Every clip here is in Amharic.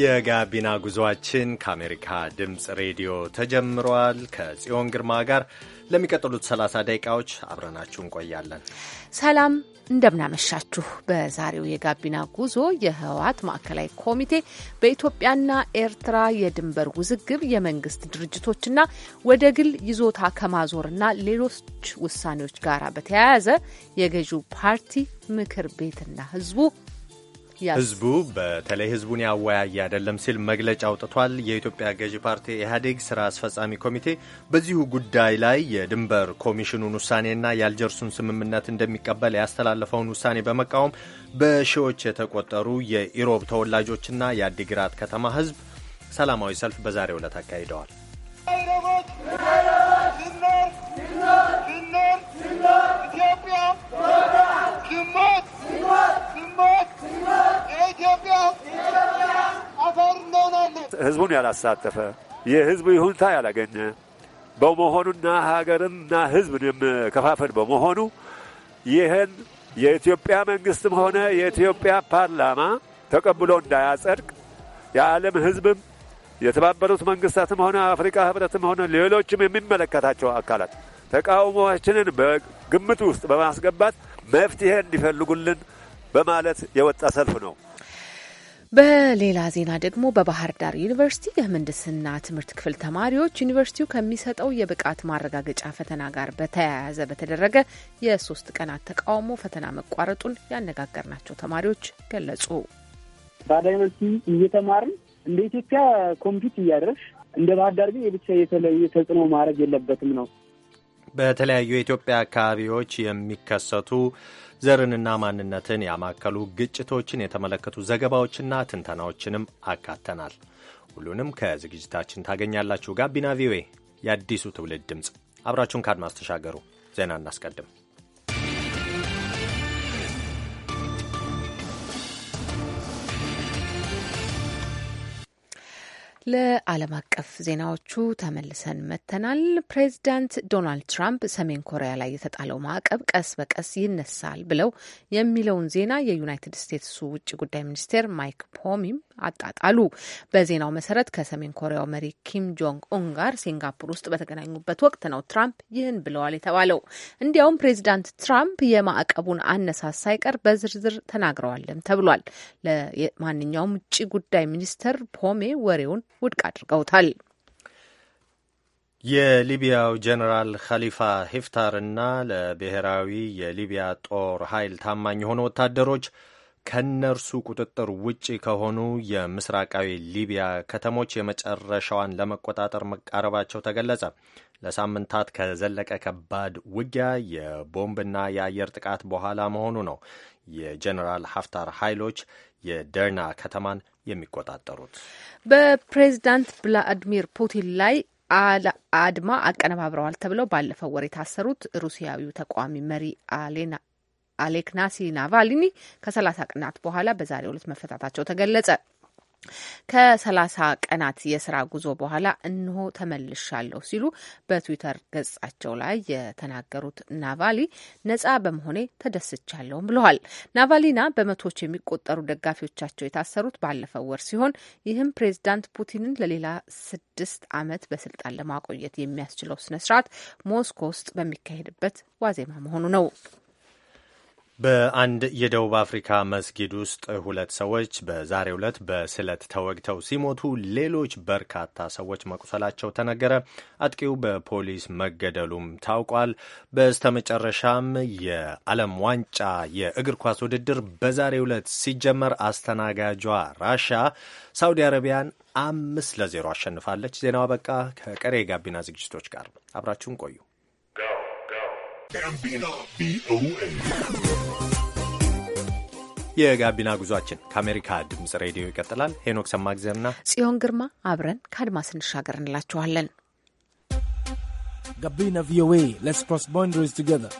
የጋቢና ጉዞአችን ከአሜሪካ ድምፅ ሬዲዮ ተጀምሯል። ከጽዮን ግርማ ጋር ለሚቀጥሉት 30 ደቂቃዎች አብረናችሁ እንቆያለን። ሰላም እንደምናመሻችሁ። በዛሬው የጋቢና ጉዞ የህወሓት ማዕከላዊ ኮሚቴ በኢትዮጵያና ኤርትራ የድንበር ውዝግብ የመንግስት ድርጅቶችና ወደ ግል ይዞታ ከማዞርና ሌሎች ውሳኔዎች ጋር በተያያዘ የገዢው ፓርቲ ምክር ቤትና ህዝቡ ህዝቡ በተለይ ህዝቡን ያወያየ አይደለም ሲል መግለጫ አውጥቷል። የኢትዮጵያ ገዢ ፓርቲ ኢህአዴግ ስራ አስፈጻሚ ኮሚቴ በዚሁ ጉዳይ ላይ የድንበር ኮሚሽኑን ውሳኔና የአልጀርሱን ስምምነት እንደሚቀበል ያስተላለፈውን ውሳኔ በመቃወም በሺዎች የተቆጠሩ የኢሮብ ተወላጆችና የአዲግራት ከተማ ህዝብ ሰላማዊ ሰልፍ በዛሬው ዕለት አካሂደዋል። ህዝቡን ያላሳተፈ የህዝቡ ይሁንታ ያላገኘ በመሆኑና ሀገርንና ህዝብን የምከፋፈል በመሆኑ ይህን የኢትዮጵያ መንግስትም ሆነ የኢትዮጵያ ፓርላማ ተቀብሎ እንዳያጸድቅ የዓለም ህዝብም የተባበሩት መንግስታትም ሆነ አፍሪካ ህብረትም ሆነ ሌሎችም የሚመለከታቸው አካላት ተቃውሞችንን በግምት ውስጥ በማስገባት መፍትሄ እንዲፈልጉልን በማለት የወጣ ሰልፍ ነው። በሌላ ዜና ደግሞ በባህር ዳር ዩኒቨርሲቲ የምህንድስና ትምህርት ክፍል ተማሪዎች ዩኒቨርሲቲው ከሚሰጠው የብቃት ማረጋገጫ ፈተና ጋር በተያያዘ በተደረገ የሶስት ቀናት ተቃውሞ ፈተና መቋረጡን ያነጋገርናቸው ተማሪዎች ገለጹ። ባህርዳር ዩኒቨርሲቲ እየተማርን እንደ ኢትዮጵያ ኮምፒት እያደረሽ እንደ ባህር ዳር ግን የብቻ የተለየ ተጽዕኖ ማድረግ የለበትም ነው በተለያዩ የኢትዮጵያ አካባቢዎች የሚከሰቱ ዘርንና ማንነትን ያማከሉ ግጭቶችን የተመለከቱ ዘገባዎችና ትንተናዎችንም አካተናል። ሁሉንም ከዝግጅታችን ታገኛላችሁ። ጋቢና ቪኦኤ የአዲሱ ትውልድ ድምፅ፣ አብራችሁን ካድማስ ተሻገሩ። ዜና እናስቀድም። ለዓለም አቀፍ ዜናዎቹ ተመልሰን መጥተናል። ፕሬዚዳንት ዶናልድ ትራምፕ ሰሜን ኮሪያ ላይ የተጣለው ማዕቀብ ቀስ በቀስ ይነሳል ብለው የሚለውን ዜና የዩናይትድ ስቴትሱ ውጭ ጉዳይ ሚኒስቴር ማይክ ፖሚም አጣጣሉ። በዜናው መሰረት ከሰሜን ኮሪያው መሪ ኪም ጆንግ ኡን ጋር ሲንጋፖር ውስጥ በተገናኙበት ወቅት ነው ትራምፕ ይህን ብለዋል የተባለው። እንዲያውም ፕሬዚዳንት ትራምፕ የማዕቀቡን አነሳስ ሳይቀር በዝርዝር ተናግረዋልም ተብሏል። ለማንኛውም ውጭ ጉዳይ ሚኒስትር ፖሜ ወሬውን ውድቅ አድርገውታል። የሊቢያው ጀኔራል ኸሊፋ እና ለብሔራዊ የሊቢያ ጦር ኃይል ታማኝ የሆኑ ወታደሮች ከነርሱ ቁጥጥር ውጪ ከሆኑ የምስራቃዊ ሊቢያ ከተሞች የመጨረሻዋን ለመቆጣጠር መቃረባቸው ተገለጸ። ለሳምንታት ከዘለቀ ከባድ ውጊያ የቦምብና የአየር ጥቃት በኋላ መሆኑ ነው የጀኔራል ሀፍታር ኃይሎች የደርና ከተማን የሚቆጣጠሩት። በፕሬዝዳንት ቭላዲሚር ፑቲን ላይ አድማ አቀነባብረዋል ተብለው ባለፈው ወር የታሰሩት ሩሲያዊው ተቃዋሚ መሪ አሌና አሌክናሲ ናቫልኒ ከሰላሳ ቀናት በኋላ በዛሬው ዕለት መፈታታቸው ተገለጸ። ከሰላሳ ቀናት የስራ ጉዞ በኋላ እንሆ ተመልሻለሁ ሲሉ በትዊተር ገጻቸው ላይ የተናገሩት ናቫሊ ነጻ በመሆኔ ተደስቻለሁም ብለዋል። ናቫሊና በመቶዎች የሚቆጠሩ ደጋፊዎቻቸው የታሰሩት ባለፈው ወር ሲሆን ይህም ፕሬዚዳንት ፑቲንን ለሌላ ስድስት ዓመት በስልጣን ለማቆየት የሚያስችለው ስነስርዓት ሞስኮ ውስጥ በሚካሄድበት ዋዜማ መሆኑ ነው። በአንድ የደቡብ አፍሪካ መስጊድ ውስጥ ሁለት ሰዎች በዛሬ ዕለት በስለት ተወግተው ሲሞቱ ሌሎች በርካታ ሰዎች መቁሰላቸው ተነገረ። አጥቂው በፖሊስ መገደሉም ታውቋል። በስተመጨረሻም የዓለም ዋንጫ የእግር ኳስ ውድድር በዛሬ ዕለት ሲጀመር አስተናጋጇ ራሻ ሳውዲ አረቢያን አምስት ለዜሮ አሸንፋለች። ዜናው አበቃ። ከቀሪ የጋቢና ዝግጅቶች ጋር አብራችሁን ቆዩ። B-O-A. የጋቢና ጉዟችን ከአሜሪካ ድምጽ ሬዲዮ ይቀጥላል። ሄኖክ ሰማግዘርና ጽዮን ግርማ አብረን ከአድማስ እንሻገር እንላችኋለን። ጋቢና ቪኦኤ ሌትስ ክሮስ ባውንደሪስ ቱጌዘር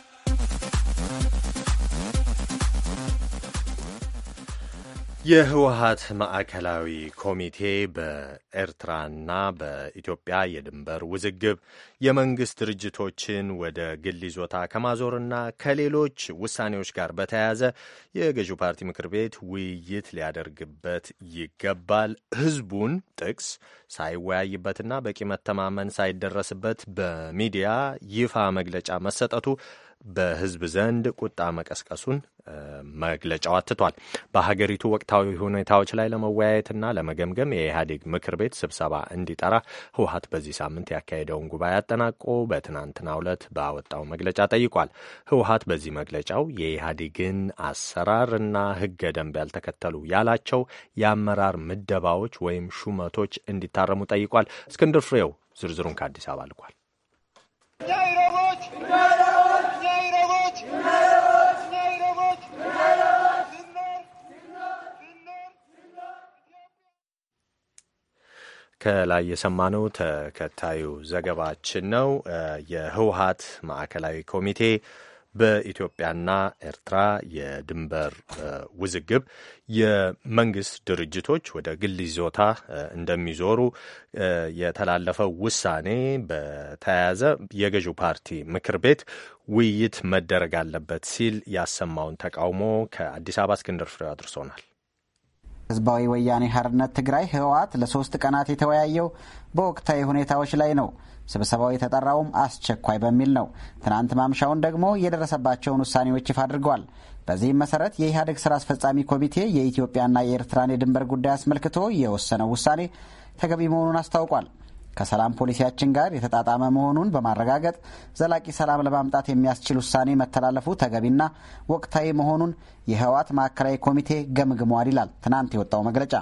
የህወሀት ማዕከላዊ ኮሚቴ በኤርትራና በኢትዮጵያ የድንበር ውዝግብ የመንግሥት ድርጅቶችን ወደ ግል ይዞታ ከማዞርና ከሌሎች ውሳኔዎች ጋር በተያያዘ የገዢው ፓርቲ ምክር ቤት ውይይት ሊያደርግበት ይገባል፣ ህዝቡን ጥቅስ ሳይወያይበትና በቂ መተማመን ሳይደረስበት በሚዲያ ይፋ መግለጫ መሰጠቱ በህዝብ ዘንድ ቁጣ መቀስቀሱን መግለጫው አትቷል። በሀገሪቱ ወቅታዊ ሁኔታዎች ላይ ለመወያየትና ለመገምገም የኢህአዴግ ምክር ቤት ስብሰባ እንዲጠራ ህወሀት በዚህ ሳምንት ያካሄደውን ጉባኤ አጠናቆ በትናንትናው ዕለት ባወጣው መግለጫ ጠይቋል። ህወሀት በዚህ መግለጫው የኢህአዴግን አሰራር እና ህገ ደንብ ያልተከተሉ ያላቸው የአመራር ምደባዎች ወይም ሹመቶች እንዲታረሙ ጠይቋል። እስክንድር ፍሬው ዝርዝሩን ከአዲስ አበባ ልኳል። ከላይ የሰማነው ተከታዩ ዘገባችን ነው። የህወሀት ማዕከላዊ ኮሚቴ በኢትዮጵያና ኤርትራ የድንበር ውዝግብ የመንግስት ድርጅቶች ወደ ግል ይዞታ እንደሚዞሩ የተላለፈው ውሳኔ በተያያዘ የገዢው ፓርቲ ምክር ቤት ውይይት መደረግ አለበት ሲል ያሰማውን ተቃውሞ ከአዲስ አበባ እስክንድር ፍሬው አድርሶናል። ህዝባዊ ወያኔ ሀርነት ትግራይ ህወሓት ለሶስት ቀናት የተወያየው በወቅታዊ ሁኔታዎች ላይ ነው። ስብሰባው የተጠራውም አስቸኳይ በሚል ነው። ትናንት ማምሻውን ደግሞ የደረሰባቸውን ውሳኔዎች ይፋ አድርገዋል። በዚህም መሰረት የኢህአዴግ ስራ አስፈጻሚ ኮሚቴ የኢትዮጵያና የኤርትራን የድንበር ጉዳይ አስመልክቶ የወሰነው ውሳኔ ተገቢ መሆኑን አስታውቋል። ከሰላም ፖሊሲያችን ጋር የተጣጣመ መሆኑን በማረጋገጥ ዘላቂ ሰላም ለማምጣት የሚያስችል ውሳኔ መተላለፉ ተገቢና ወቅታዊ መሆኑን የህወሓት ማዕከላዊ ኮሚቴ ገምግሟል ይላል ትናንት የወጣው መግለጫ።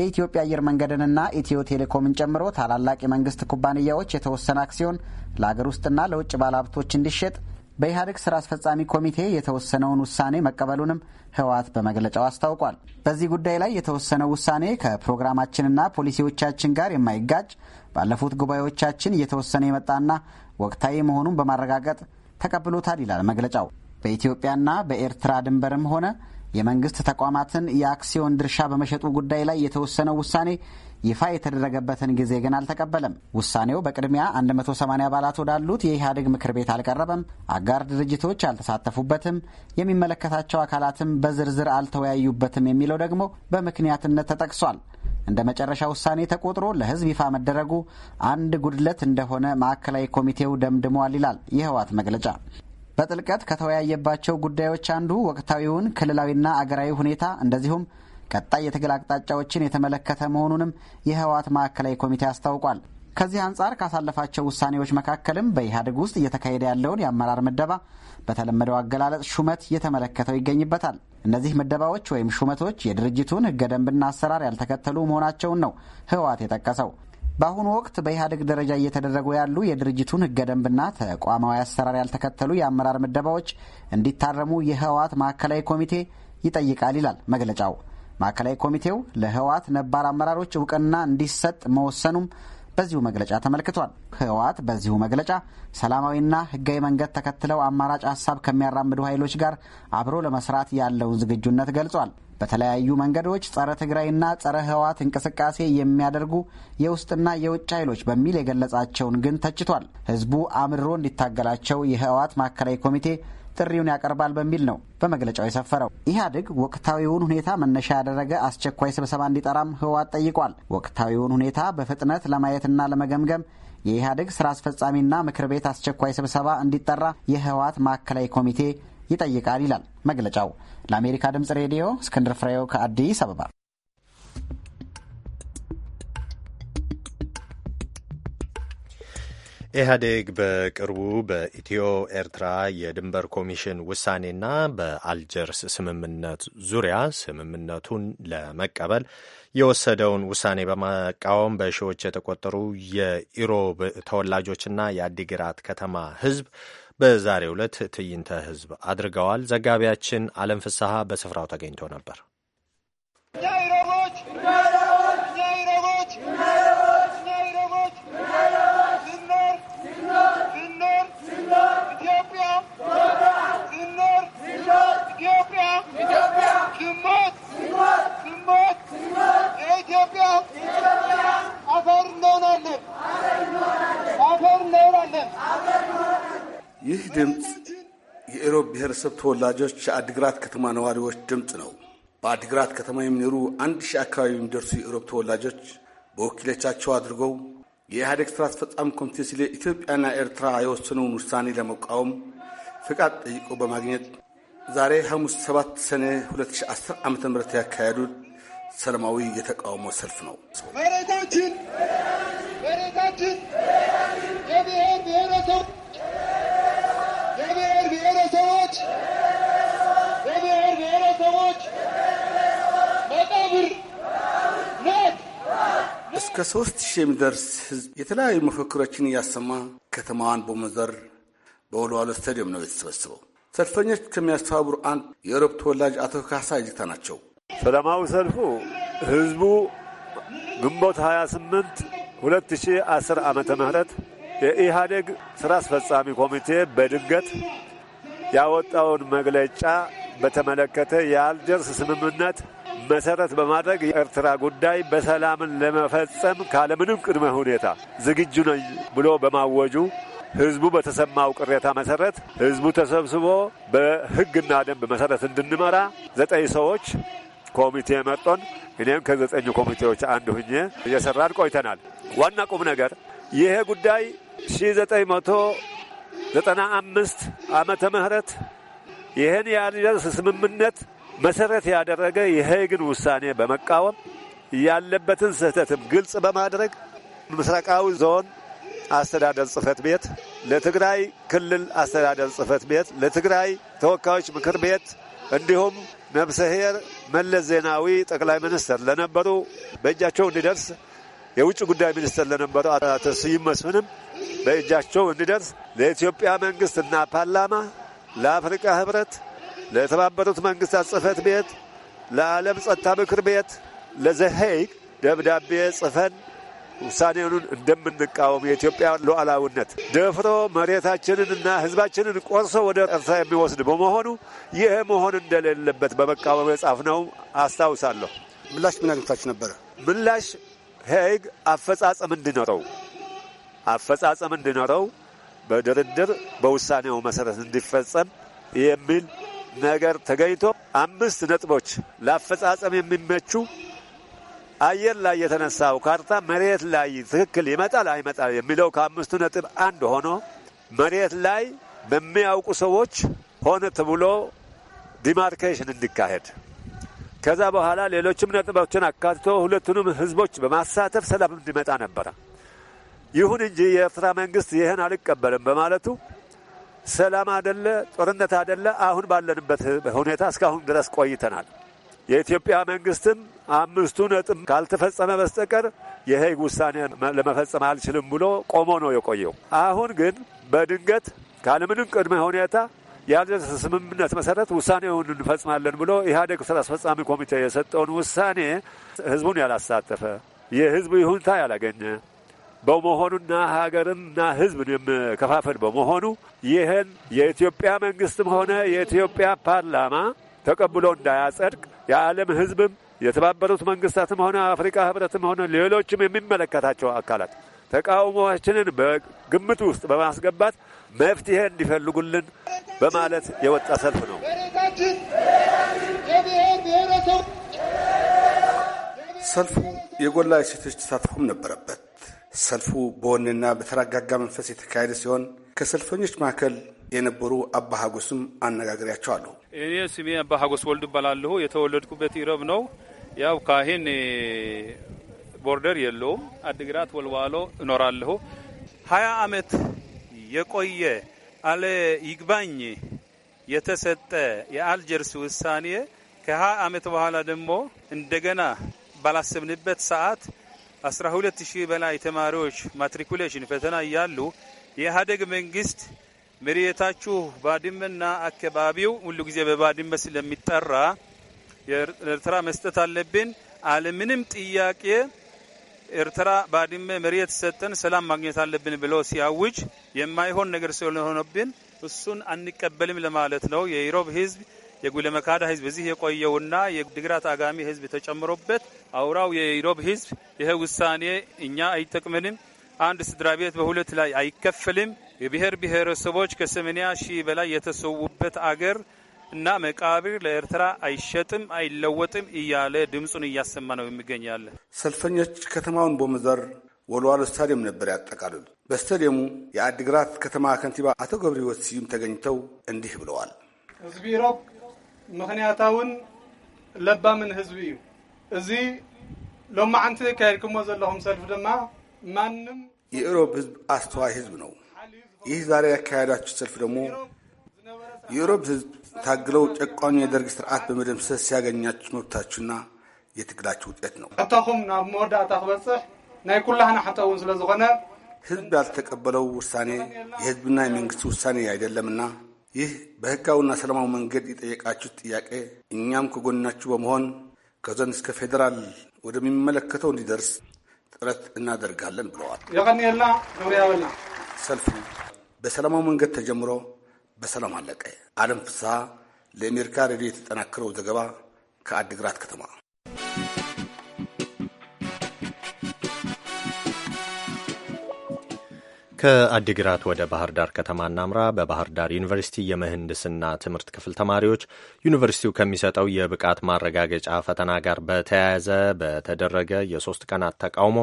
የኢትዮጵያ አየር መንገድንና ኢትዮ ቴሌኮምን ጨምሮ ታላላቅ የመንግስት ኩባንያዎች የተወሰነ አክሲዮን ለአገር ውስጥና ለውጭ ባለሀብቶች እንዲሸጥ በኢህአዴግ ስራ አስፈጻሚ ኮሚቴ የተወሰነውን ውሳኔ መቀበሉንም ህወሓት በመግለጫው አስታውቋል። በዚህ ጉዳይ ላይ የተወሰነው ውሳኔ ከፕሮግራማችንና ፖሊሲዎቻችን ጋር የማይጋጭ ባለፉት ጉባኤዎቻችን እየተወሰነ የመጣና ወቅታዊ መሆኑን በማረጋገጥ ተቀብሎታል ይላል መግለጫው። በኢትዮጵያና በኤርትራ ድንበርም ሆነ የመንግስት ተቋማትን የአክሲዮን ድርሻ በመሸጡ ጉዳይ ላይ የተወሰነው ውሳኔ ይፋ የተደረገበትን ጊዜ ግን አልተቀበለም። ውሳኔው በቅድሚያ 180 አባላት ወዳሉት የኢህአዴግ ምክር ቤት አልቀረበም፣ አጋር ድርጅቶች አልተሳተፉበትም፣ የሚመለከታቸው አካላትም በዝርዝር አልተወያዩበትም የሚለው ደግሞ በምክንያትነት ተጠቅሷል። እንደ መጨረሻ ውሳኔ ተቆጥሮ ለሕዝብ ይፋ መደረጉ አንድ ጉድለት እንደሆነ ማዕከላዊ ኮሚቴው ደምድሟል ይላል የህወሓት መግለጫ። በጥልቀት ከተወያየባቸው ጉዳዮች አንዱ ወቅታዊውን ክልላዊና አገራዊ ሁኔታ እንደዚሁም ቀጣይ የትግል አቅጣጫዎችን የተመለከተ መሆኑንም የህወሓት ማዕከላዊ ኮሚቴ አስታውቋል። ከዚህ አንጻር ካሳለፋቸው ውሳኔዎች መካከልም በኢህአዴግ ውስጥ እየተካሄደ ያለውን የአመራር ምደባ፣ በተለመደው አገላለጽ ሹመት እየተመለከተው ይገኝበታል። እነዚህ ምደባዎች ወይም ሹመቶች የድርጅቱን ህገ ደንብና አሰራር ያልተከተሉ መሆናቸውን ነው ህወሓት የጠቀሰው። በአሁኑ ወቅት በኢህአዴግ ደረጃ እየተደረጉ ያሉ የድርጅቱን ህገ ደንብና ተቋማዊ አሰራር ያልተከተሉ የአመራር ምደባዎች እንዲታረሙ የህወሓት ማዕከላዊ ኮሚቴ ይጠይቃል ይላል መግለጫው። ማዕከላዊ ኮሚቴው ለህወሓት ነባር አመራሮች እውቅና እንዲሰጥ መወሰኑም በዚሁ መግለጫ ተመልክቷል። ህወሓት በዚሁ መግለጫ ሰላማዊና ህጋዊ መንገድ ተከትለው አማራጭ ሀሳብ ከሚያራምዱ ኃይሎች ጋር አብሮ ለመስራት ያለውን ዝግጁነት ገልጿል። በተለያዩ መንገዶች ጸረ ትግራይና ጸረ ህወሓት እንቅስቃሴ የሚያደርጉ የውስጥና የውጭ ኃይሎች በሚል የገለጻቸውን ግን ተችቷል። ህዝቡ አምርሮ እንዲታገላቸው የህወሓት ማዕከላዊ ኮሚቴ ጥሪውን ያቀርባል በሚል ነው በመግለጫው የሰፈረው። ኢህአዴግ ወቅታዊውን ሁኔታ መነሻ ያደረገ አስቸኳይ ስብሰባ እንዲጠራም ህወሓት ጠይቋል። ወቅታዊውን ሁኔታ በፍጥነት ለማየትና ለመገምገም የኢህአዴግ ስራ አስፈጻሚና ምክር ቤት አስቸኳይ ስብሰባ እንዲጠራ የህወሓት ማዕከላዊ ኮሚቴ ይጠይቃል ይላል መግለጫው። ለአሜሪካ ድምጽ ሬዲዮ እስክንድር ፍሬው ከአዲስ አበባ ኢህአዴግ በቅርቡ በኢትዮ ኤርትራ የድንበር ኮሚሽን ውሳኔና በአልጀርስ ስምምነት ዙሪያ ስምምነቱን ለመቀበል የወሰደውን ውሳኔ በመቃወም በሺዎች የተቆጠሩ የኢሮብ ተወላጆችና የአዲግራት ከተማ ህዝብ በዛሬው ዕለት ትዕይንተ ህዝብ አድርገዋል። ዘጋቢያችን አለም ፍስሐ በስፍራው ተገኝቶ ነበር። ኢትዮጵያ አፈር እንሆናለን፣ አፈር እንሆናለን። ይህ ድምፅ የኢሮብ ብሔረሰብ ተወላጆች የአድግራት ከተማ ነዋሪዎች ድምፅ ነው። በአድግራት ከተማ የሚኖሩ አንድ ሺህ አካባቢ የሚደርሱ የኢሮብ ተወላጆች በወኪሎቻቸው አድርገው የኢህአዴግ ስራ አስፈጻሚ ኮሚቴ ስለ ኢትዮጵያና ኤርትራ የወሰነውን ውሳኔ ለመቃወም ፍቃድ ጠይቆ በማግኘት ዛሬ ሐሙስ 7 ሰኔ 2010 ዓ ም ያካሄዱት ሰላማዊ የተቃውሞ ሰልፍ ነው። መሬታችን መሬታችን የብሔር ብሔረሰብ የብሔር ብሔረሰቦች የብሔር ብሔረሰቦች መቃብር እስከ ሶስት ሺህ የሚደርስ ህዝብ የተለያዩ መፈክሮችን እያሰማ ከተማዋን በመዘር በወልዋሎ ስታዲየም ነው የተሰበሰበው። ሰልፈኞች ከሚያስተባብሩ አንድ የኦሮብ ተወላጅ አቶ ካሳ ይጅታ ናቸው። ሰላማዊ ሰልፉ ህዝቡ ግንቦት 28 2010 ዓመተ ምህረት የኢህአዴግ ስራ አስፈጻሚ ኮሚቴ በድንገት ያወጣውን መግለጫ በተመለከተ የአልጀርስ ስምምነት መሰረት በማድረግ የኤርትራ ጉዳይ በሰላምን ለመፈጸም ካለምንም ቅድመ ሁኔታ ዝግጁ ነኝ ብሎ በማወጁ ህዝቡ በተሰማው ቅሬታ መሰረት ህዝቡ ተሰብስቦ በህግና ደንብ መሰረት እንድንመራ ዘጠኝ ሰዎች ኮሚቴ መጦን እኔም ከዘጠኙ ኮሚቴዎች አንዱ ሁኜ እየሰራን ቆይተናል። ዋና ቁም ነገር ይሄ ጉዳይ ሺ ዘጠኝ መቶ ዘጠና አምስት ዓመተ ምህረት ይህን የአልጀርስ ስምምነት መሰረት ያደረገ የሄግን ውሳኔ በመቃወም ያለበትን ስህተትም ግልጽ በማድረግ ምስራቃዊ ዞን አስተዳደር ጽህፈት ቤት ለትግራይ ክልል አስተዳደር ጽህፈት ቤት፣ ለትግራይ ተወካዮች ምክር ቤት እንዲሁም መብሰሄር መለስ ዜናዊ ጠቅላይ ሚኒስትር ለነበሩ በእጃቸው እንዲደርስ የውጭ ጉዳይ ሚኒስትር ለነበሩ አቶ ስዩም መስፍንም በእጃቸው እንዲደርስ ለኢትዮጵያ መንግስትና ፓርላማ፣ ለአፍሪካ ህብረት፣ ለተባበሩት መንግስታት ጽህፈት ቤት፣ ለዓለም ጸጥታ ምክር ቤት፣ ለዘሄይግ ደብዳቤ ጽፈን ውሳኔውን እንደምንቃወም የኢትዮጵያ ሉዓላዊነት ደፍሮ መሬታችንንና ሕዝባችንን ቆርሶ ወደ ኤርትራ የሚወስድ በመሆኑ ይህ መሆን እንደሌለበት በመቃወም የጻፍነው አስታውሳለሁ። ምላሽ ምን አግኝታችሁ ነበረ? ምላሽ ሄግ አፈጻጸም እንዲኖረው አፈጻጸም እንዲኖረው በድርድር በውሳኔው መሰረት እንዲፈጸም የሚል ነገር ተገኝቶ አምስት ነጥቦች ለአፈጻጸም የሚመቹ አየር ላይ የተነሳው ካርታ መሬት ላይ ትክክል ይመጣል አይመጣል የሚለው ከአምስቱ ነጥብ አንድ ሆኖ መሬት ላይ በሚያውቁ ሰዎች ሆነ ተብሎ ዲማርኬሽን እንዲካሄድ ከዛ በኋላ ሌሎችም ነጥቦችን አካትቶ ሁለቱንም ህዝቦች በማሳተፍ ሰላም እንዲመጣ ነበረ። ይሁን እንጂ የኤርትራ መንግስት ይህን አልቀበልም በማለቱ ሰላም አደለ፣ ጦርነት አደለ፣ አሁን ባለንበት ሁኔታ እስካሁን ድረስ ቆይተናል። የኢትዮጵያ መንግስትም አምስቱ ነጥብ ካልተፈጸመ በስተቀር የሄግ ውሳኔ ለመፈጸም አልችልም ብሎ ቆሞ ነው የቆየው። አሁን ግን በድንገት ካለምንም ቅድመ ሁኔታ ያለ ስምምነት መሰረት ውሳኔውን እንፈጽማለን ብሎ ኢህአዴግ ስራ አስፈጻሚ ኮሚቴ የሰጠውን ውሳኔ ህዝቡን ያላሳተፈ የህዝቡ ይሁንታ ያላገኘ በመሆኑና ሀገርንና ህዝብን የምከፋፈል በመሆኑ ይህን የኢትዮጵያ መንግስትም ሆነ የኢትዮጵያ ፓርላማ ተቀብሎ እንዳያጸድቅ የዓለም ህዝብም የተባበሩት መንግስታትም ሆነ አፍሪካ ህብረትም ሆነ ሌሎችም የሚመለከታቸው አካላት ተቃውሞችንን በግምት ውስጥ በማስገባት መፍትሄ እንዲፈልጉልን በማለት የወጣ ሰልፍ ነው። ሰልፉ የጎላ የሴቶች ተሳትፎም ነበረበት። ሰልፉ በወንና በተረጋጋ መንፈስ የተካሄደ ሲሆን ከሰልፈኞች መካከል የነበሩ አባ ሀጎስም አነጋግሬያቸዋለሁ። እኔ ስሜ አባ ሀጎስ ወልድ እባላለሁ። የተወለድኩበት ኢረብ ነው። ያው ካህን ቦርደር የለውም። አድግራት ወልዋሎ እኖራለሁ። ሀያ አመት የቆየ አለ ይግባኝ የተሰጠ የአልጀርስ ውሳኔ ከሀያ አመት በኋላ ደግሞ እንደገና ባላሰብንበት ሰዓት 12 ሺህ በላይ ተማሪዎች ማትሪኩሌሽን ፈተና እያሉ የኢህአዴግ መንግስት መሬታችሁ ባድመና አካባቢው ሁሉ ጊዜ በባድመ ስለሚጠራ የኤርትራ መስጠት አለብን። አለምንም ጥያቄ ኤርትራ ባድመ መሬት ሰጠን ሰላም ማግኘት አለብን ብሎ ሲያውጅ የማይሆን ነገር ስለሆነብን እሱን አንቀበልም ለማለት ነው። የኢሮብ ህዝብ የጉለመካዳ ህዝብ እዚህ የቆየውና የድግራት አጋሚ ህዝብ ተጨምሮበት አውራው የኢሮብ ህዝብ ይሄ ውሳኔ እኛ አይጠቅመንም፣ አንድ ስድራ ቤት በሁለት ላይ አይከፈልም የብሔር ብሔረሰቦች ከሰማንያ ሺህ በላይ የተሰዉበት አገር እና መቃብር ለኤርትራ አይሸጥም አይለወጥም እያለ ድምፁን እያሰማ ነው የሚገኛለ። ሰልፈኞች ከተማውን በመዘር ወልዋሎ ስታዲየም ነበር ያጠቃልሉ። በስታዲየሙ የአዲግራት ከተማ ከንቲባ አቶ ገብረ ሕይወት ስዩም ተገኝተው እንዲህ ብለዋል። ህዝቢ ሮብ ምክንያታውን ለባምን ህዝቢ እዩ እዚ ሎማዓንቲ ካየድክሞ ዘለኹም ሰልፍ ድማ ማንም የኢሮብ ህዝብ አስተዋይ ህዝብ ነው ይህ ዛሬ ያካሄዳችሁ ሰልፍ ደግሞ የኢሮብ ህዝብ ታግለው ጨቋኙ የደርግ ስርዓት በመደምሰስ ሲያገኛችሁ መብታችሁና የትግላችሁ ውጤት ነው። እታኹም ናብ መወዳእታ ክበፅሕ ናይ ኩላህና ሓተ እውን ስለ ዝኾነ ህዝብ ያልተቀበለው ውሳኔ የህዝብና የመንግስት ውሳኔ አይደለምና ይህ በህጋዊና ሰላማዊ መንገድ የጠየቃችሁት ጥያቄ እኛም ከጎናችሁ በመሆን ከዞን እስከ ፌዴራል ወደሚመለከተው እንዲደርስ ጥረት እናደርጋለን ብለዋል። የቀኒየልና ሰልፉ በሰላማዊ መንገድ ተጀምሮ በሰላም አለቀ። አለም ፍስሐ ለአሜሪካ ሬዲዮ የተጠናከረው ዘገባ ከአድግራት ከተማ። ከአዲግራት ወደ ባህር ዳር ከተማ እናምራ። በባህር ዳር ዩኒቨርሲቲ የምህንድስና ትምህርት ክፍል ተማሪዎች ዩኒቨርሲቲው ከሚሰጠው የብቃት ማረጋገጫ ፈተና ጋር በተያያዘ በተደረገ የሶስት ቀናት ተቃውሞ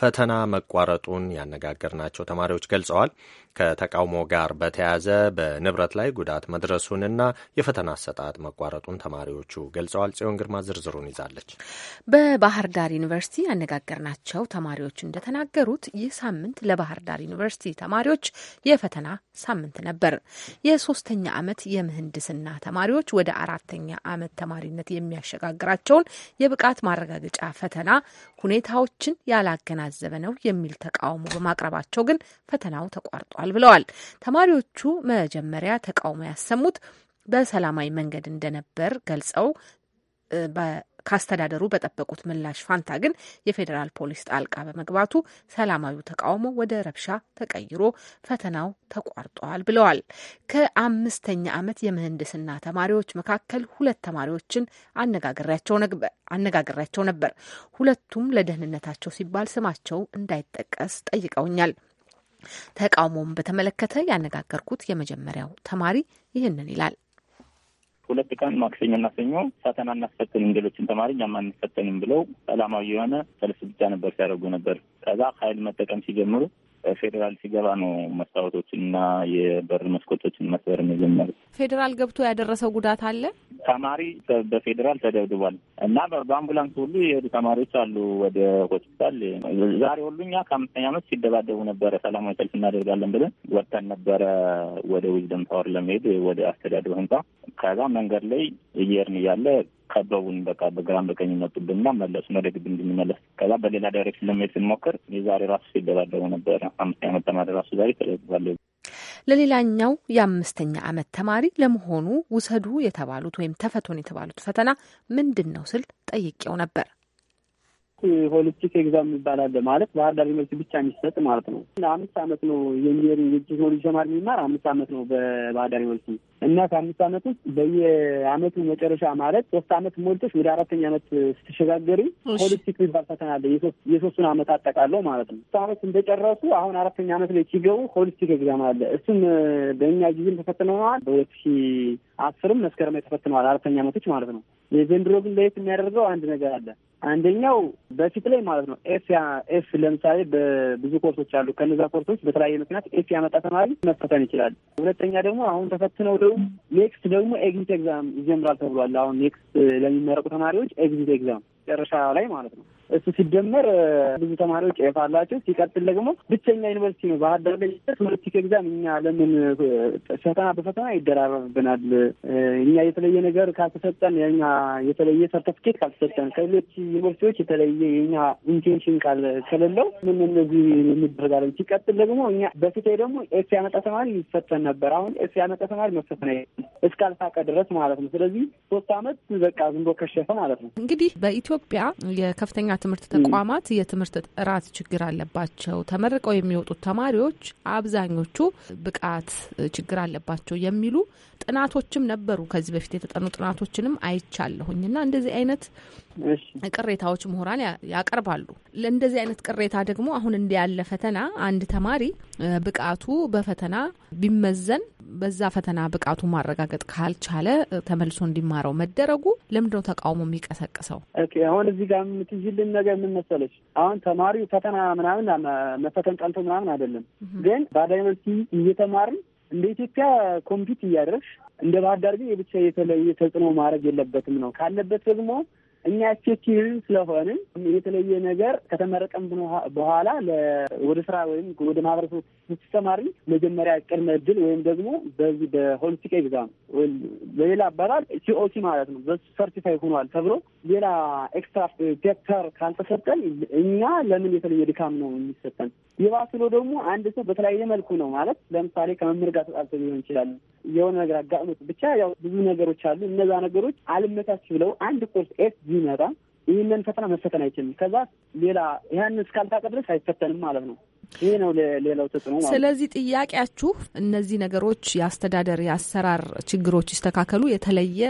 ፈተና መቋረጡን ያነጋገርናቸው ተማሪዎች ገልጸዋል። ከተቃውሞ ጋር በተያያዘ በንብረት ላይ ጉዳት መድረሱንና የፈተና አሰጣጥ መቋረጡን ተማሪዎቹ ገልጸዋል። ጽዮን ግርማ ዝርዝሩን ይዛለች። በባህር ዳር ዩኒቨርሲቲ ያነጋገርናቸው ተማሪዎች እንደተናገሩት ይህ ሳምንት ለባህር ዳር ዩኒቨርሲቲ ተማሪዎች የፈተና ሳምንት ነበር። የሶስተኛ ዓመት የምህንድስና ተማሪዎች ወደ አራተኛ ዓመት ተማሪነት የሚያሸጋግራቸውን የብቃት ማረጋገጫ ፈተና ሁኔታዎችን ያላገናዘበ ነው የሚል ተቃውሞ በማቅረባቸው ግን ፈተናው ተቋርጧል። ተገልጿል ብለዋል። ተማሪዎቹ መጀመሪያ ተቃውሞ ያሰሙት በሰላማዊ መንገድ እንደነበር ገልጸው ካስተዳደሩ በጠበቁት ምላሽ ፋንታ ግን የፌዴራል ፖሊስ ጣልቃ በመግባቱ ሰላማዊው ተቃውሞ ወደ ረብሻ ተቀይሮ ፈተናው ተቋርጧል ብለዋል። ከአምስተኛ ዓመት የምህንድስና ተማሪዎች መካከል ሁለት ተማሪዎችን አነጋግሬያቸው ነበር። ሁለቱም ለደህንነታቸው ሲባል ስማቸው እንዳይጠቀስ ጠይቀውኛል። ተቃውሞውን በተመለከተ ያነጋገርኩት የመጀመሪያው ተማሪ ይህንን ይላል። ሁለት ቀን ማክሰኞ እና ሰኞ ሳተን አናስፈትንም፣ ሌሎችን ተማሪ እኛም አንፈተንም ብለው ሰላማዊ የሆነ ሰልፍ ብቻ ነበር ሲያደርጉ ነበር። ከዛ ኃይል መጠቀም ሲጀምሩ ፌዴራል ሲገባ ነው መስታወቶችን እና የበር መስኮቶችን መስበር የጀመሩ። ፌዴራል ገብቶ ያደረሰው ጉዳት አለ ተማሪ በፌዴራል ተደብድቧል እና በአምቡላንስ ሁሉ የሄዱ ተማሪዎች አሉ ወደ ሆስፒታል። ዛሬ ሁሉ እኛ ከአምስተኛ ዓመት ሲደባደቡ ነበረ። ሰላማዊ ሰልፍ እናደርጋለን ብለን ወጥተን ነበረ ወደ ዊዝደም ታወር ለመሄድ ወደ አስተዳደሩ ህንጻ። ከዛ መንገድ ላይ እየሄድን እያለ ከበቡን። በቃ በግራም በቀኝ መጡብን መለሱ ወደ ግቢ እንድንመለስ። ከዛ በሌላ ዳይሬክሽን ለመሄድ ስንሞክር የዛሬ ራሱ ሲደባደቡ ነበረ። አምስተኛ ዓመት ተማሪ ራሱ ዛሬ ተደብድባለ። ለሌላኛው የአምስተኛ ዓመት ተማሪ ለመሆኑ ውሰዱ የተባሉት ወይም ተፈቶን የተባሉት ፈተና ምንድን ነው ስል ጠይቄው ነበር። ሆሊስቲክ ኤግዛም ይባላል ማለት ባህር ዳር ዩኒቨርሲቲ ብቻ የሚሰጥ ማለት ነው። አምስት አመት ነው የኢንጂነሪንግ የቴክኖሎጂ ተማሪ የሚማር አምስት አመት ነው በባህር ዳር ዩኒቨርሲቲ እና ከአምስት አመት ውስጥ በየአመቱ መጨረሻ ማለት ሶስት አመት ሞልቶች ወደ አራተኛ አመት ስትሸጋገሪ ሆሊስቲክ የሚባል ፈተና አለ የሶስቱን አመት አጠቃለው ማለት ነው። ሶስት አመት እንደጨረሱ አሁን አራተኛ አመት ላይ ሲገቡ ሆሊስቲክ ኤግዛም አለ። እሱም በእኛ ጊዜም ተፈትነዋል። በሁለት ሺ አስርም መስከረም ላይ ተፈትነዋል። አራተኛ አመቶች ማለት ነው። የዘንድሮ ግን ለየት የሚያደርገው አንድ ነገር አለ አንደኛው በፊት ላይ ማለት ነው ኤፍ ኤፍ ለምሳሌ በብዙ ኮርሶች አሉ። ከነዛ ኮርሶች በተለያየ ምክንያት ኤፍ ያመጣ ተማሪ መፈተን ይችላል። ሁለተኛ ደግሞ አሁን ተፈትነው ደግሞ ኔክስት ደግሞ ኤግዚት ኤግዛም ይጀምራል ተብሏል። አሁን ኔክስት ለሚመረቁ ተማሪዎች ኤግዚት ኤግዛም መጨረሻ ላይ ማለት ነው እሱ ሲደመር ብዙ ተማሪዎች ኤፍ አላቸው። ሲቀጥል ደግሞ ብቸኛ ዩኒቨርሲቲ ነው ባህር ዳር ላይ ኤግዛም እኛ ለምን ፈተና በፈተና ይደራረብብናል? እኛ የተለየ ነገር ካልተሰጠን የኛ የተለየ ሰርተፍኬት ካልተሰጠን ከሌሎች ዩኒቨርሲቲዎች የተለየ የኛ ኢንቴንሽን ቃል ከሌለው ምን እነዚህ እንደረጋለን። ሲቀጥል ደግሞ እኛ በፊት ደግሞ ኤፍ ያመጣ ተማሪ ይፈተን ነበር። አሁን ኤፍ ያመጣ ተማሪ መፈተን እስካልፋቀ ድረስ ማለት ነው። ስለዚህ ሶስት አመት በቃ ዝም ከሸፈ ማለት ነው። እንግዲህ በኢትዮጵያ የከፍተኛ ትምህርት ተቋማት የትምህርት ጥራት ችግር አለባቸው፣ ተመርቀው የሚወጡት ተማሪዎች አብዛኞቹ ብቃት ችግር አለባቸው የሚሉ ጥናቶችም ነበሩ። ከዚህ በፊት የተጠኑ ጥናቶችንም አይቻለሁኝ እና እንደዚህ አይነት ቅሬታዎች ምሁራን ያቀርባሉ። ለእንደዚህ አይነት ቅሬታ ደግሞ አሁን እንዲያለ ፈተና አንድ ተማሪ ብቃቱ በፈተና ቢመዘን በዛ ፈተና ብቃቱ ማረጋገጥ ካልቻለ ተመልሶ እንዲማረው መደረጉ ለምንድነው ተቃውሞ የሚቀሰቅሰው? አሁን እዚህ ጋር የምትይልን ነገር ምን መሰለች? አሁን ተማሪው ፈተና ምናምን መፈተን ቀልቶ ምናምን አይደለም። ግን በዳይቨርሲቲ እየተማርን እንደ ኢትዮጵያ ኮምፒት እያደረግሽ እንደ ባህር ዳር ግን የብቻ የተለየ ተጽዕኖ ማድረግ የለበትም ነው ካለበት ደግሞ እኛ ኤክሴፕሽን ስለሆንን የተለየ ነገር ከተመረቀም በኋላ ወደ ስራ ወይም ወደ ማህበረሰቡ ስትሰማሪ መጀመሪያ ቅድመ እድል ወይም ደግሞ በዚህ በሆሊስቲክ ኤግዛም ወይም በሌላ አባባል ሲኦሲ ማለት ነው። በሱ ሰርቲፋይ ሆኗል ተብሎ ሌላ ኤክስትራ ፌክተር ካልተሰጠን እኛ ለምን የተለየ ድካም ነው የሚሰጠን? የባስሎ ደግሞ አንድ ሰው በተለያየ መልኩ ነው ማለት ለምሳሌ ከመምህር ጋር ተጣልቶ ሊሆን ይችላል። የሆነ ነገር አጋጥሞት ብቻ ያው ብዙ ነገሮች አሉ። እነዛ ነገሮች አልመቻች ብለው አንድ ኮርስ ኤስ ቢመጣ ይህንን ፈተና መፈተን አይችልም። ከዛ ሌላ ያንን እስካልታቀ ድረስ አይፈተንም ማለት ነው። ይሄ ነው ሌላው ተጽዕኖ ማለት። ስለዚህ ጥያቄያችሁ እነዚህ ነገሮች የአስተዳደር የአሰራር ችግሮች ይስተካከሉ፣ የተለየ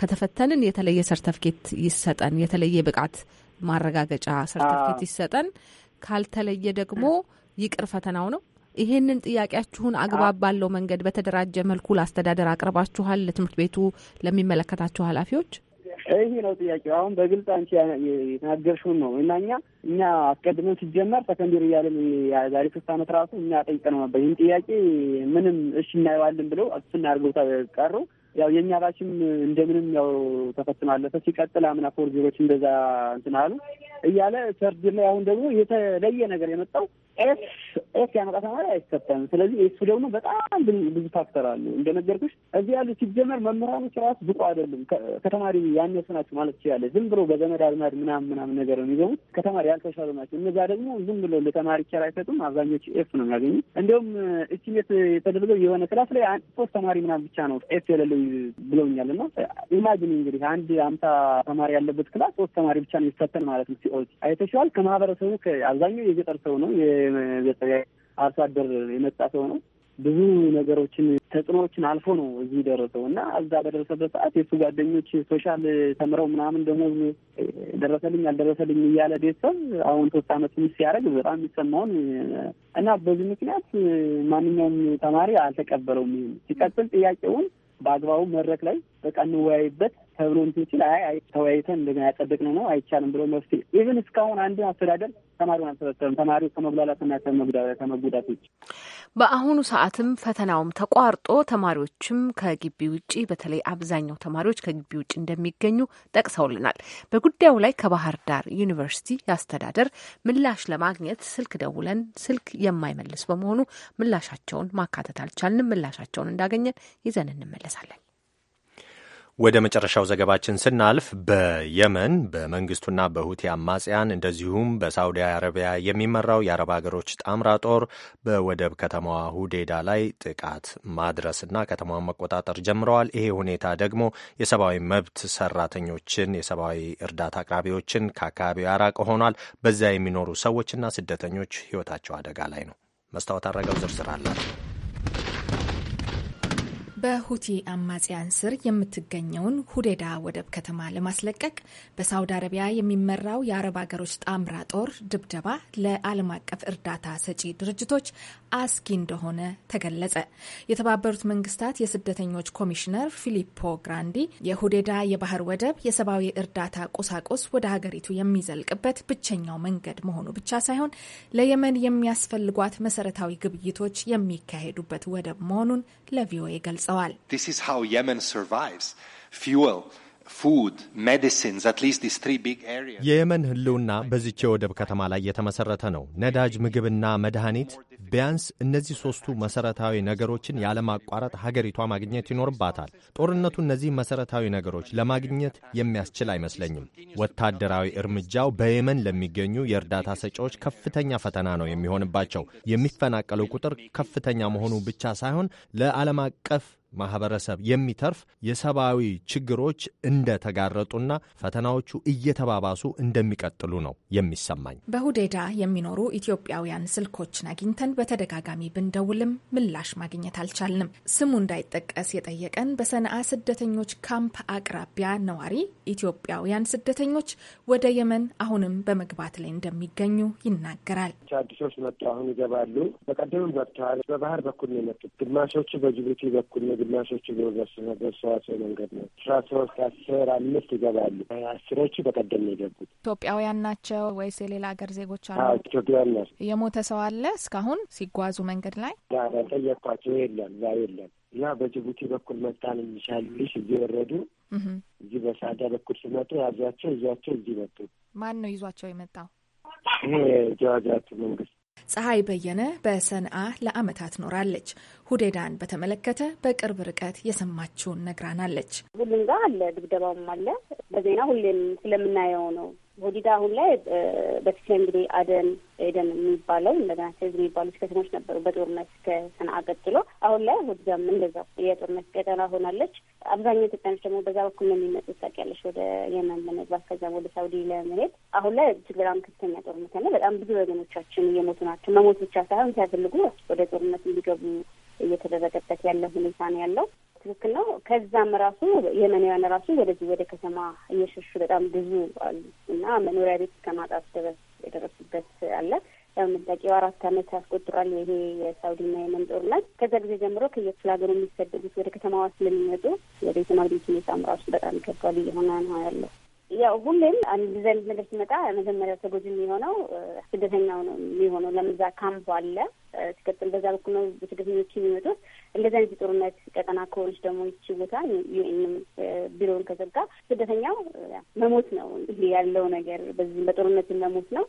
ከተፈተንን የተለየ ሰርተፍኬት ይሰጠን፣ የተለየ ብቃት ማረጋገጫ ሰርተፍኬት ይሰጠን፣ ካልተለየ ደግሞ ይቅር ፈተናው ነው። ይሄንን ጥያቄያችሁን አግባብ ባለው መንገድ በተደራጀ መልኩ ለአስተዳደር አቅርባችኋል? ለትምህርት ቤቱ ለሚመለከታቸው ኃላፊዎች ይሄ ነው ጥያቄው። አሁን በግልጽ አንቺ የተናገርሽውን ነው እና እኛ እኛ አስቀድመን ሲጀመር ሰከንዴር እያለን የዛሬ ሶስት አመት ራሱ እኛ ጠይቀነው ነበር ይህን ጥያቄ ምንም እሺ እናየዋለን ብለው እሱና አድርገው ቀሩ። ያው የእኛ ባችም እንደምንም ያው ተፈትኖ አለፈ። ሲቀጥል አምና ፎር ዜሮች እንደዛ እንትን አሉ እያለ ሰርድ ላይ አሁን ደግሞ የተለየ ነገር የመጣው ኤፍ ኤፍ ያመጣ ተማሪ አይከተም። ስለዚህ እሱ ደግሞ በጣም ብዙ ፋክተር አሉ። እንደነገርኩሽ እዚህ ያሉ ሲጀመር መምህራኖች ራሱ ብቁ አይደሉም። ከተማሪ ያነሱ ናቸው ማለት ይችላለ። ዝም ብሎ በዘመድ አዝማድ ምናምን ምናምን ነገር ነው የሚገቡት። ከተማሪ ያልተሻሉ ናቸው። እነዛ ደግሞ ዝም ብሎ ለተማሪ ኬር አይሰጡም። አብዛኞቹ ኤፍ ነው የሚያገኙት። እንዲሁም እስቲሜት የተደረገው የሆነ ክላስ ላይ ሶስት ተማሪ ምናምን ብቻ ነው ኤፍ የሌለው ብለውኛል። እና ኢማጂን እንግዲህ አንድ አምሳ ተማሪ ያለበት ክላስ ሶስት ተማሪ ብቻ ነው የሚፈተን ማለት ነው። ሲኦል አይተሸዋል። ከማህበረሰቡ አብዛኛው የገጠር ሰው ነው፣ አርሶ አደር የመጣ ሰው ነው። ብዙ ነገሮችን ተጽዕኖዎችን አልፎ ነው እዚህ ደረሰው እና እዛ በደረሰበት ሰዓት የእሱ ጓደኞች ሶሻል ተምረው ምናምን ደግሞ ደረሰልኝ አልደረሰልኝ እያለ ቤተሰብ አሁን ሶስት አመት ምስ ሲያደርግ በጣም የሚሰማውን እና በዚህ ምክንያት ማንኛውም ተማሪ አልተቀበለውም። ይሄን ሲቀጥል ጥያቄውን በአግባቡ መድረክ ላይ በቃ እንወያይበት ተብሎ እንትን ሲል አይ ተወያይተን እንደገና ያጸደቅነው ነው አይቻልም ብሎ መፍትሄ ኢቨን እስካሁን አንድ አስተዳደር ተማሪውን አልሰበሰብም። ተማሪው ከመጉላላትና ከመጉዳት ውጭ በአሁኑ ሰዓትም ፈተናውም ተቋርጦ ተማሪዎችም ከግቢ ውጭ በተለይ አብዛኛው ተማሪዎች ከግቢ ውጭ እንደሚገኙ ጠቅሰውልናል። በጉዳዩ ላይ ከባህር ዳር ዩኒቨርሲቲ የአስተዳደር ምላሽ ለማግኘት ስልክ ደውለን ስልክ የማይመልስ በመሆኑ ምላሻቸውን ማካተት አልቻልንም። ምላሻቸውን እንዳገኘን ይዘን እንመለሳለን። ወደ መጨረሻው ዘገባችን ስናልፍ በየመን በመንግስቱና በሁቲ አማጽያን እንደዚሁም በሳውዲ አረቢያ የሚመራው የአረብ ሀገሮች ጣምራ ጦር በወደብ ከተማዋ ሁዴዳ ላይ ጥቃት ማድረስና ከተማዋን መቆጣጠር ጀምረዋል። ይሄ ሁኔታ ደግሞ የሰብአዊ መብት ሰራተኞችን፣ የሰብአዊ እርዳታ አቅራቢዎችን ከአካባቢው ያራቀ ሆኗል። በዚያ የሚኖሩ ሰዎችና ስደተኞች ህይወታቸው አደጋ ላይ ነው። መስታወት አረጋው ዝርዝር አላቸው። በሁቲ አማጽያን ስር የምትገኘውን ሁዴዳ ወደብ ከተማ ለማስለቀቅ በሳውዲ አረቢያ የሚመራው የአረብ ሀገሮች ጣምራ ጦር ድብደባ ለዓለም አቀፍ እርዳታ ሰጪ ድርጅቶች አስጊ እንደሆነ ተገለጸ። የተባበሩት መንግስታት የስደተኞች ኮሚሽነር ፊሊፖ ግራንዲ የሁዴዳ የባህር ወደብ የሰብአዊ እርዳታ ቁሳቁስ ወደ ሀገሪቱ የሚዘልቅበት ብቸኛው መንገድ መሆኑ ብቻ ሳይሆን ለየመን የሚያስፈልጓት መሰረታዊ ግብይቶች የሚካሄዱበት ወደብ መሆኑን ለቪኦኤ ገልጸዋል። This is how Yemen survives. Fuel, የየመን ህልውና በዚች የወደብ ከተማ ላይ የተመሠረተ ነው። ነዳጅ፣ ምግብና መድኃኒት። ቢያንስ እነዚህ ሦስቱ መሠረታዊ ነገሮችን ያለማቋረጥ ሀገሪቷ ማግኘት ይኖርባታል። ጦርነቱ እነዚህ መሠረታዊ ነገሮች ለማግኘት የሚያስችል አይመስለኝም። ወታደራዊ እርምጃው በየመን ለሚገኙ የእርዳታ ሰጪዎች ከፍተኛ ፈተና ነው የሚሆንባቸው። የሚፈናቀለው ቁጥር ከፍተኛ መሆኑ ብቻ ሳይሆን ለዓለም አቀፍ ማህበረሰብ የሚተርፍ የሰብአዊ ችግሮች እንደተጋረጡና ፈተናዎቹ እየተባባሱ እንደሚቀጥሉ ነው የሚሰማኝ። በሁዴዳ የሚኖሩ ኢትዮጵያውያን ስልኮችን አግኝተን በተደጋጋሚ ብንደውልም ምላሽ ማግኘት አልቻልንም። ስሙ እንዳይጠቀስ የጠየቀን በሰነአ ስደተኞች ካምፕ አቅራቢያ ነዋሪ ኢትዮጵያውያን ስደተኞች ወደ የመን አሁንም በመግባት ላይ እንደሚገኙ ይናገራል። አዲሶች መጡ፣ አሁን ይገባሉ። በቀደምም ገብተዋል። በባህር በኩል ነው የመጡት። ግማሾቹ በጅቡቲ በኩል ግማሾቹ ሊወረሱ በሰዋሰው መንገድ ነው። አስራ ሶስት አስር አምስት ይገባሉ። አስሮቹ በቀደም ነው የገቡት። ኢትዮጵያውያን ናቸው ወይስ የሌላ ሀገር ዜጎች አሉ? ኢትዮጵያውያን ናቸው። የሞተ ሰው አለ እስካሁን ሲጓዙ መንገድ ላይ ጠየቅኳቸው። የለም ዛ የለም እና በጅቡቲ በኩል መጣን የሚሻልሽ ወረዱ። እዚህ በሳዳ በኩል ሲመጡ ያዟቸው፣ ይዟቸው እዚህ መጡ። ማን ነው ይዟቸው የመጣው? ይሄ ጀዋዛቱ መንግስት ፀሐይ በየነ በሰንአ ለአመታት ኖራለች። ሁዴዳን በተመለከተ በቅርብ ርቀት የሰማችውን ነግራናለች። ሁሉም ጋር አለ፣ ድብደባውም አለ። በዜና ሁሌም ስለምናየው ነው ሆዲዳ አሁን ላይ በትክክል እንግዲህ አደን ኤደን የሚባለው እንደገና ሴዝ የሚባሉት ከተሞች ነበሩ በጦርነት ከሰንዓ ቀጥሎ። አሁን ላይ ሆዲዳም እንደዛው የጦርነት ቀጠና ሆናለች። አብዛኛው ኢትዮጵያኖች ደግሞ በዛ በኩል የሚመጡ የሚመጡት ታውቂያለሽ፣ ወደ የመን ለመግባት ከዚያም ወደ ሳውዲ ለመሄድ። አሁን ላይ እጅግ በጣም ከፍተኛ ጦርነት አለ። በጣም ብዙ ወገኖቻችን እየሞቱ ናቸው። መሞት ብቻ ሳይሆን ሳይፈልጉ ወደ ጦርነት እንዲገቡ እየተደረገበት ያለ ሁኔታ ነው ያለው። ትክክል ነው። ከዛም ራሱ የመንያን ራሱ ወደዚህ ወደ ከተማ እየሸሹ በጣም ብዙ አሉ እና መኖሪያ ቤት ከማጣት ድረስ የደረሱበት አለ። ምንጠቂው አራት አመት ያስቆጥሯል ይሄ የሳውዲና የመን ጦርነት። ከዛ ጊዜ ጀምሮ ከየክፍለ ሀገሩ የሚሰደዱት ወደ ከተማዋ ስለሚመጡ የቤት ማግኘት ሁኔታም ራሱ በጣም ከባድ እየሆነ ነው ያለው። ያው ሁሌም አንድ ዘንድ ነገር ሲመጣ መጀመሪያ ተጎጂ የሚሆነው ስደተኛው ነው የሚሆነው። ለምዛ ካምፕ አለ። ሲቀጥል በዛ በኩል ነው ስደተኞች የሚመጡት። እንደዚህ አይነት የጦርነት ቀጠና ከሆነች ደግሞ ይቺ ቦታ ዩኤንም ቢሮውን ከዘጋ ስደተኛው መሞት ነው። ይሄ ያለው ነገር በዚህ በጦርነት መሞት ነው።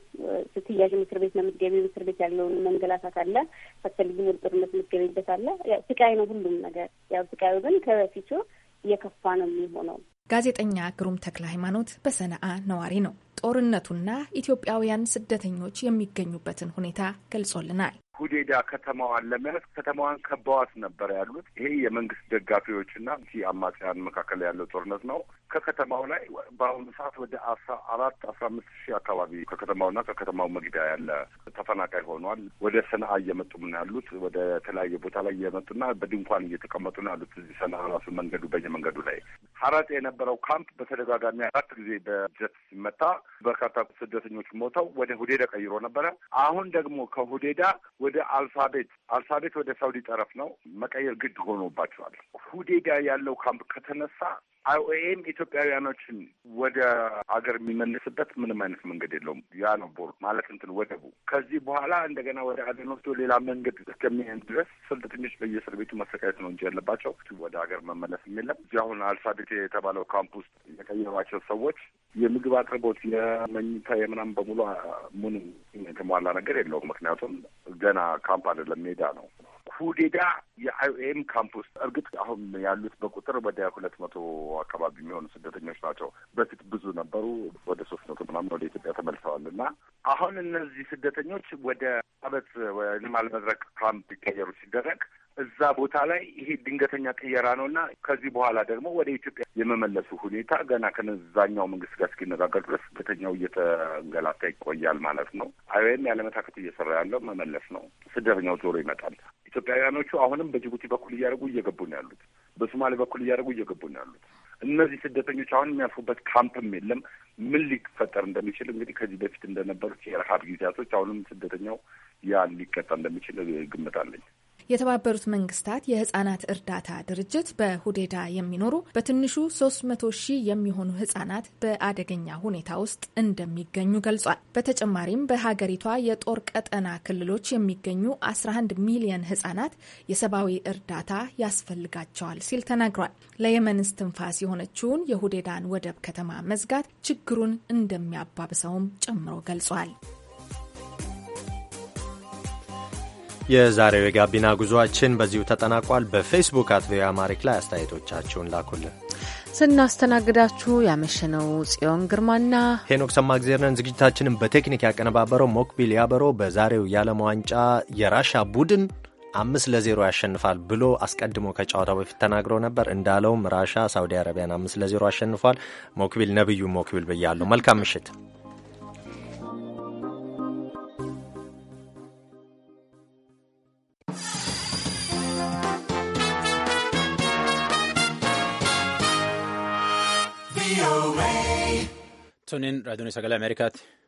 ስትያዥ እስር ቤት ነው የምትገቢ። እስር ቤት ያለውን መንገላታት አለ። ሳትፈልጊም ወደ ጦርነት የምትገቢበት አለ። ስቃይ ነው ሁሉም ነገር። ያው ስቃዩ ግን ከበፊቱ እየከፋ ነው የሚሆነው። ጋዜጠኛ ግሩም ተክለ ሃይማኖት በሰነአ ነዋሪ ነው። ጦርነቱና ኢትዮጵያውያን ስደተኞች የሚገኙበትን ሁኔታ ገልጾልናል። ሁዴዳ ከተማዋን ለመያዝ ከተማዋን ከበዋት ነበር ያሉት። ይሄ የመንግስት ደጋፊዎችና አማጽያን መካከል ያለው ጦርነት ነው። ከከተማው ላይ በአሁኑ ሰዓት ወደ አስራ አራት አስራ አምስት ሺህ አካባቢ ከከተማውና ከከተማው መግቢያ ያለ ተፈናቃይ ሆኗል። ወደ ሰንአ እየመጡ ምን ያሉት ወደ ተለያየ ቦታ ላይ እየመጡና በድንኳን እየተቀመጡ ነው ያሉት። እዚህ ሰንአ ራሱ መንገዱ በየመንገዱ ላይ ሀረጤ የነበረው ካምፕ በተደጋጋሚ አራት ጊዜ በጀት ሲመታ በርካታ ስደተኞች ሞተው ወደ ሁዴዳ ቀይሮ ነበረ። አሁን ደግሞ ከሁዴዳ ወደ አልፋቤት አልፋቤት ወደ ሳውዲ ጠረፍ ነው መቀየር ግድ ሆኖባቸዋል። ሁዴዳ ያለው ካምፕ ከተነሳ አይኦኤም ኢትዮጵያውያኖችን ወደ አገር የሚመልስበት ምንም አይነት መንገድ የለውም። ያ ነው ቦር ማለት እንትን ወደቡ። ከዚህ በኋላ እንደገና ወደ አገር ወስዶ ሌላ መንገድ እስከሚሄን ድረስ ስደተኞች በየእስር ቤቱ መሰቃየት ነው እንጂ ያለባቸው ወደ ሀገር መመለስ የለም። እዚህ አሁን አልፋቤት የተባለው ካምፕ ውስጥ የቀየሯቸው ሰዎች የምግብ አቅርቦት፣ የመኝታ፣ የምናምን በሙሉ ምንም የተሟላ ነገር የለውም። ምክንያቱም ገና ካምፕ አይደለም ሜዳ ነው። ሁዴዳ የአይኦኤም ካምፕ ውስጥ እርግጥ አሁን ያሉት በቁጥር ወደ ሁለት መቶ አካባቢ የሚሆኑ ስደተኞች ናቸው። በፊት ብዙ ነበሩ። ወደ ሶስት መቶ ምናምን ወደ ኢትዮጵያ ተመልሰዋል እና አሁን እነዚህ ስደተኞች ወደ አበት ወይም አልመድረቅ ካምፕ ይቀየሩ ሲደረግ እዛ ቦታ ላይ ይሄ ድንገተኛ ቅየራ ነው እና ከዚህ በኋላ ደግሞ ወደ ኢትዮጵያ የመመለሱ ሁኔታ ገና ከነዛኛው መንግስት ጋር እስኪነጋገር ድረስ ስደተኛው እየተንገላታ ይቆያል ማለት ነው። አይወይም ያለመታከት እየሰራ ያለው መመለስ ነው። ስደተኛው ዞሮ ይመጣል። ኢትዮጵያውያኖቹ አሁንም በጅቡቲ በኩል እያደረጉ እየገቡ ነው ያሉት። በሶማሌ በኩል እያደረጉ እየገቡ ነው ያሉት። እነዚህ ስደተኞች አሁን የሚያልፉበት ካምፕም የለም። ምን ሊፈጠር እንደሚችል እንግዲህ ከዚህ በፊት እንደነበሩት የረሀብ ጊዜያቶች አሁንም ስደተኛው ያ ሊቀጣ እንደሚችል ግምታለኝ። የተባበሩት መንግስታት የህጻናት እርዳታ ድርጅት በሁዴዳ የሚኖሩ በትንሹ 300 ሺህ የሚሆኑ ህጻናት በአደገኛ ሁኔታ ውስጥ እንደሚገኙ ገልጿል። በተጨማሪም በሀገሪቷ የጦር ቀጠና ክልሎች የሚገኙ 11 ሚሊየን ህጻናት የሰብአዊ እርዳታ ያስፈልጋቸዋል ሲል ተናግሯል። ለየመን እስትንፋስ የሆነችውን የሁዴዳን ወደብ ከተማ መዝጋት ችግሩን እንደሚያባብሰውም ጨምሮ ገልጿል። የዛሬው የጋቢና ጉዞአችን በዚሁ ተጠናቋል። በፌስቡክ አት ቪኦኤ አማሪክ ላይ አስተያየቶቻችሁን ላኩልን። ስናስተናግዳችሁ ያመሸነው ጽዮን ግርማና ሄኖክ ሰማግዜርነን። ዝግጅታችንን በቴክኒክ ያቀነባበረው ሞክቢል ያበሮ በዛሬው የዓለም ዋንጫ የራሻ ቡድን አምስት ለዜሮ ያሸንፋል ብሎ አስቀድሞ ከጨዋታው በፊት ተናግሮ ነበር። እንዳለውም ራሻ ሳውዲ አረቢያን አምስት ለዜሮ አሸንፏል። ሞክቢል ነብዩ ሞክቢል ብያለሁ። መልካም ምሽት። Sunin raadiyoon sagalee Ameerikaati.